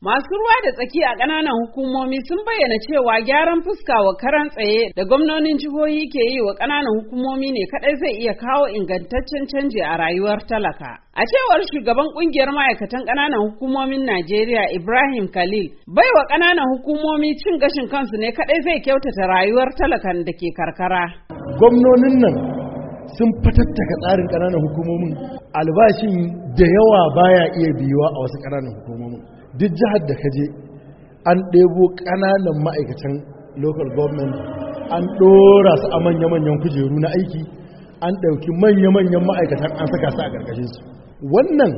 Masu ruwa da tsaki a ƙananan hukumomi sun bayyana cewa gyaran fuska wa karan tsaye da gwamnonin jihohi ke yi wa ƙananan hukumomi ne kaɗai zai iya kawo ingantaccen canji a rayuwar talaka. A cewar shugaban ƙungiyar ma'aikatan ƙananan hukumomin Najeriya Ibrahim Khalil, bai wa ƙananan hukumomi cin gashin kansu ne kaɗai zai kyautata rayuwar talakan da ke karkara. Gwamnonin nan sun fatattaka tsarin ƙananan hukumomin albashin da yawa baya iya biyuwa a wasu ƙananan hukumomin duk jihar da kaje an ɗebo ƙananan ma'aikatan local government an ɗora su a manya-manyan kujeru na aiki an ɗauki manya-manyan ma'aikatan an saka su a ƙarƙashin su wannan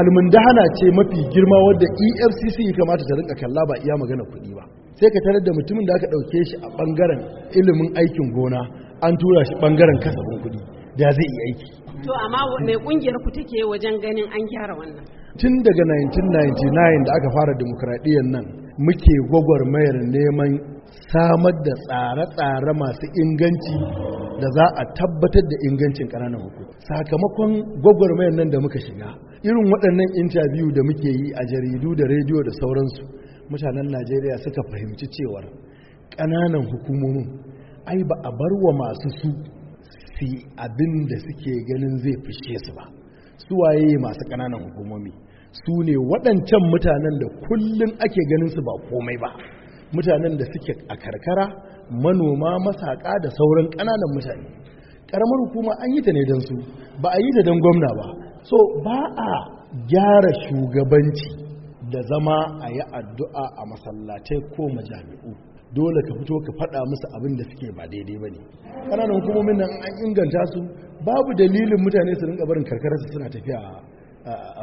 almundahana ce mafi girma wadda efcc ya kamata ta rinka kalla ba iya magana kuɗi ba sai ka tarar da mutumin da aka ɗauke shi a ɓangaren ilimin aikin gona an tura shi bangaren kasafin kuɗi da zai yi aiki to amma mai kungiyar ku take wajen ganin an gyara wannan tun daga 1999 da aka fara demokradiyyar nan muke gwagwarmayar neman samar da tsare-tsare masu inganci da za a tabbatar da ingancin ƙananan hukumi sakamakon gwagwarmayar nan da muka shiga irin waɗannan intabiyu da muke yi a jaridu da rediyo da sauransu mutanen najeriya suka fahimci cewar ƙananan hukumomin ai ba a bar wa masu su si abin da suke ganin zai fishe su ba suwaye masu ƙananan hukumomi su ne waɗancan mutanen da kullum ake ganin su ba komai ba mutanen da suke a karkara manoma masaka da sauran ƙananan mutane ƙaramar hukuma an yi ta ne don su ba a yi ta don gwamna ba so ba a gyara shugabanci da zama a yi addu'a a masallatai ko majami'u dole ka fito ka faɗa musu abin da suke ba daidai ba ne ƙananan hukumomin nan an inganta su babu dalilin mutane su rinka barin karkarar su suna tafiya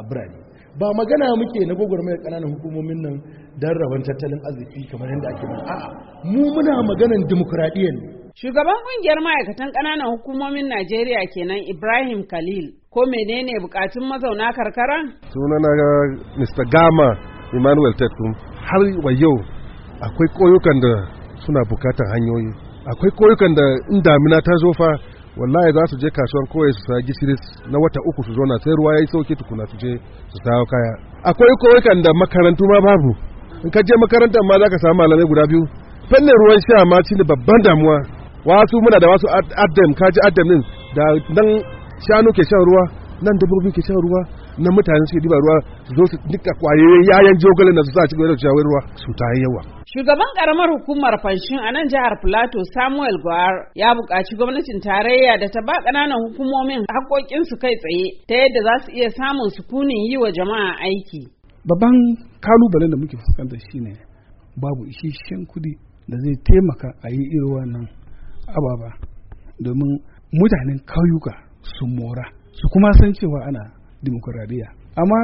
a birane ba magana muke na gwagwarmayar ƙananan hukumomin nan don rabon tattalin arziki kamar yadda ake ba a'a mu muna maganan dimokuraɗiyya ne shugaban ƙungiyar ma'aikatan ƙananan hukumomin najeriya kenan ibrahim khalil ko menene bukatun mazauna karkara sunana mr gama emmanuel tetum har wa yau akwai koyukan da suna bukatar hanyoyi akwai koyukan da in damina ta zo fa wallahi za su je kasuwar kowai su sa gisiris na wata uku su na sai ruwa ya yi sauki tukuna su je su sayo kaya akwai koyukan da makarantu ma babu in ka je makarantar ma za ka samu malamai guda biyu fannin ruwan sha ma shi ne babban damuwa wasu muna da wasu adam kaji adam da nan shanu ke shan ruwa nan dabbobi ke shan ruwa na mutane suke diba ruwa su zo su duka kwayoyin yayan jogalin na su sa ci gaba ruwa su ta yawa shugaban karamar hukumar fanshin a nan jihar plateau samuel gwar ya buƙaci gwamnatin tarayya da ta ba ƙananan hukumomin su kai tsaye ta yadda za su iya samun sukunin yi wa jama'a aiki babban kalubalen da muke fuskanta ne babu isasshen kudi da zai taimaka a yi irin wannan ababa domin mutanen kauyuka su mora su kuma san cewa ana dimokuraɗiyya amma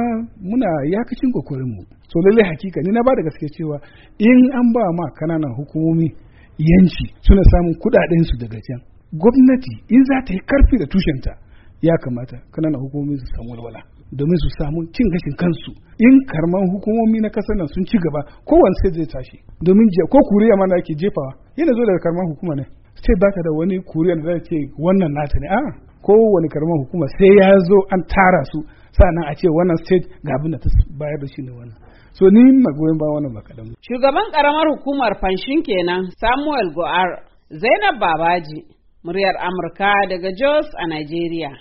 muna yakacin kokarinmu so lallai hakika ni na ba da gaske cewa in an ba ma kananan hukumomi yanci suna samun kudaden su daga can gwamnati in za ta yi karfi da tushenta ya kamata kananan hukumomi su samu walwala domin su samu cin gashin kansu in karman hukumomi na kasar nan sun ci gaba kowane sai zai tashi domin ko kuriya ma na ake jefawa yana zo daga karman hukuma ne sai ba ta da wani kuriya da zai ce wannan nata ne a'a kowane karamar hukuma sai ya zo an tara su sannan a ce wannan state ga abin da ta bayar da shi ne wannan so ni magoyin ba wannan ba shugaban karamar hukumar fanshin kenan Samuel Goar Zainab Babaji muryar Amurka daga Jos a Nigeria